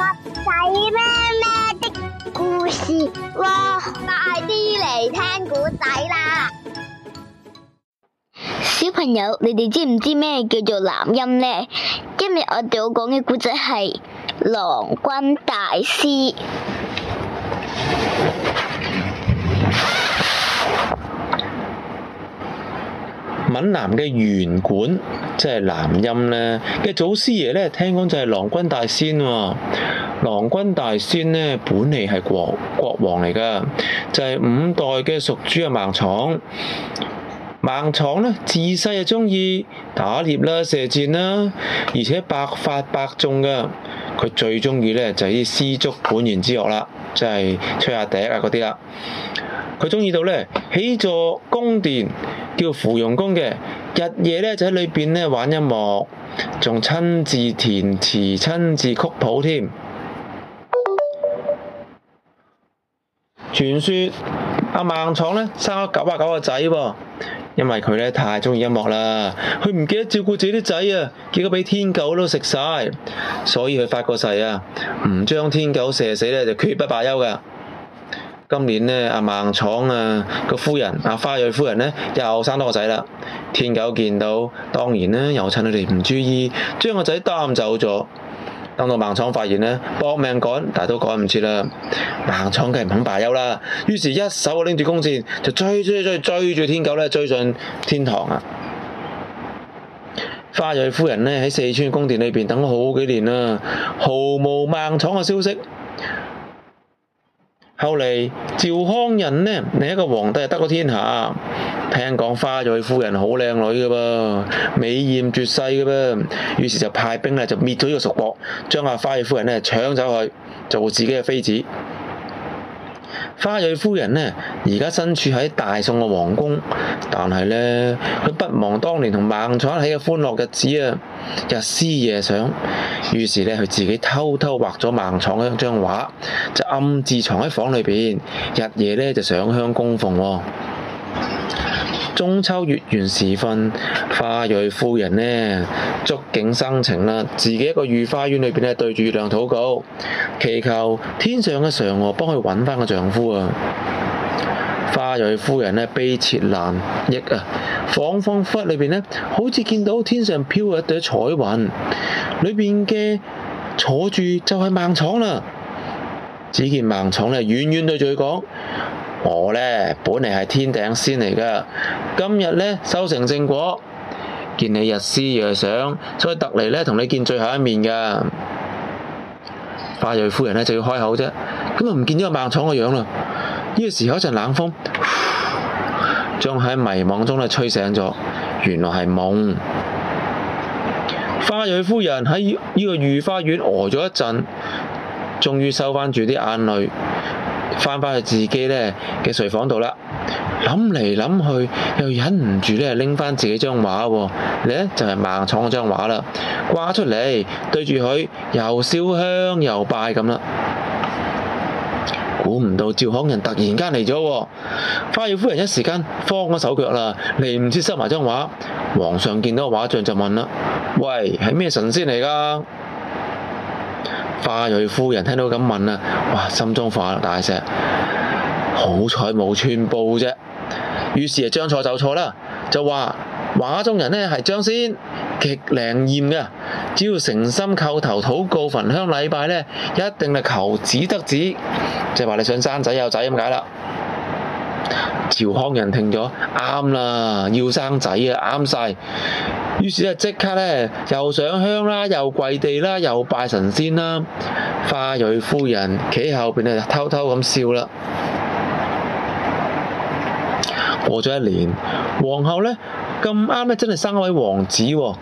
仔咩咩的故事喎，快啲嚟聽古仔啦！小朋友，你哋知唔知咩叫做南音呢？今日我哋要講嘅古仔係《郎君大仙》，閩南嘅弦管。即係南音咧，嘅祖師爺咧，聽講就係郎君大仙喎。郎君大仙咧，本嚟係國國王嚟噶就係、是、五代嘅蜀主嘅孟昶。孟昶咧，自細就中意打獵啦、射箭啦，而且百發百中噶。佢最中意咧就係啲絲竹本源之樂啦，即、就、係、是、吹下笛啊嗰啲啦。佢中意到咧起座宮殿叫芙蓉宮嘅。日夜咧就喺裏邊咧玩音樂，仲親自填詞、親自曲譜添。傳說阿孟昶咧生咗九啊九個仔喎，因為佢咧太鍾意音樂啦，佢唔記得照顧自己啲仔啊，結果俾天狗都食晒，所以佢發個誓啊，唔將天狗射死咧就絕不罷休噶。今年呢，阿孟昶啊個夫人阿花蕊夫人呢，又生多個仔啦。天狗見到，當然呢，又趁佢哋唔注意，將個仔擔走咗。等到孟昶發現呢，搏命趕，但係都趕唔切啦。孟昶梗係唔肯罷休啦，於是，一手拎住弓箭，就追追追追住天狗呢追上天堂啊！花蕊夫人呢，喺四川宮殿裏邊等咗好幾年啦、啊，毫無孟昶嘅消息。後來，趙匡胤呢，另一個皇帝得個天下，聽講花蕊夫人好靚女㗎噃，美艷絕世㗎噃，於是就派兵呢就滅咗個蜀國，將阿花蕊夫人呢搶走去做自己嘅妃子。花蕊夫人呢而家，身處喺大宋嘅皇宮，但係呢佢不忘當年同孟昶一起嘅歡樂日子啊，日思夜想，於是呢佢自己偷偷畫咗孟昶嘅一張畫，就暗自藏喺房裏邊，日夜呢就上香供奉，哦。中秋月圓時分，花蕊夫人呢，觸景生情啦，自己一個御花園裏邊呢對住月亮禱告，祈求天上嘅嫦娥幫佢揾返個丈夫啊！花蕊夫人呢，悲切難抑啊，恍恍惚惚裏邊呢，好似見到天上飄過一朵彩雲，裏邊嘅坐住就係孟昶啦。只見孟昶呢，遠遠對住佢講。我呢，本嚟係天頂仙嚟噶，今日呢，修成正果，見你日思夜想，所以特嚟呢同你見最後一面噶。花蕊夫人呢就要開口啫，咁就唔見咗個孟昶嘅樣啦。呢個時候一陣冷風，將喺迷惘中吹醒咗，原來係夢。花蕊夫人喺呢個御花園呆咗一陣，終於收返住啲眼淚。翻返去自己咧嘅睡房度啦，諗嚟諗去又忍唔住咧，拎翻自己張畫喎，你咧就係盲創張畫啦，掛出嚟對住佢又燒香又拜咁啦。估唔到趙匡胤突然間嚟咗，花蕊夫人一時間慌咗手腳啦，嚟唔切收埋張畫。皇上見到個畫像就問啦，喂，係咩神仙嚟噶？花蕊夫人聽到咁問啊，哇！心中放下大石，好彩冇穿布啫。於是啊，將錯就錯啦，就話畫中人呢係張仙極靈驗嘅，只要誠心叩頭禱告，焚香禮拜呢，一定係求子得子。即係話你想生仔有仔咁解啦。趙匡胤聽咗啱啦，要生仔啊，啱晒。於是咧，即刻咧，又上香啦，又跪地啦，又拜神仙啦。花蕊夫人企後邊咧，偷偷咁笑啦。過咗一年，皇后咧咁啱咧，真係生一位王子喎。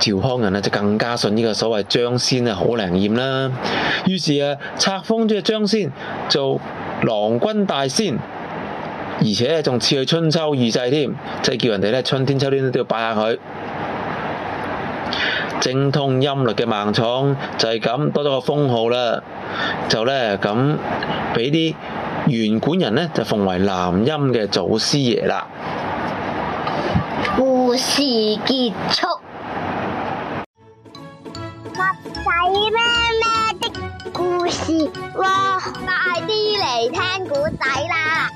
趙匡胤啊，就更加信呢個所謂張仙啊，好靈驗啦。於是啊，冊封咗個張仙做郎君大仙，而且仲次佢春秋二祭添，即係叫人哋咧春天秋天都要拜下佢。精通音律嘅盲廠就係咁多咗個封號啦，就呢咁俾啲元管人呢就奉為南音嘅祖師爺啦。故事結束。襪仔咩咩的故事喎？快啲嚟聽古仔啦！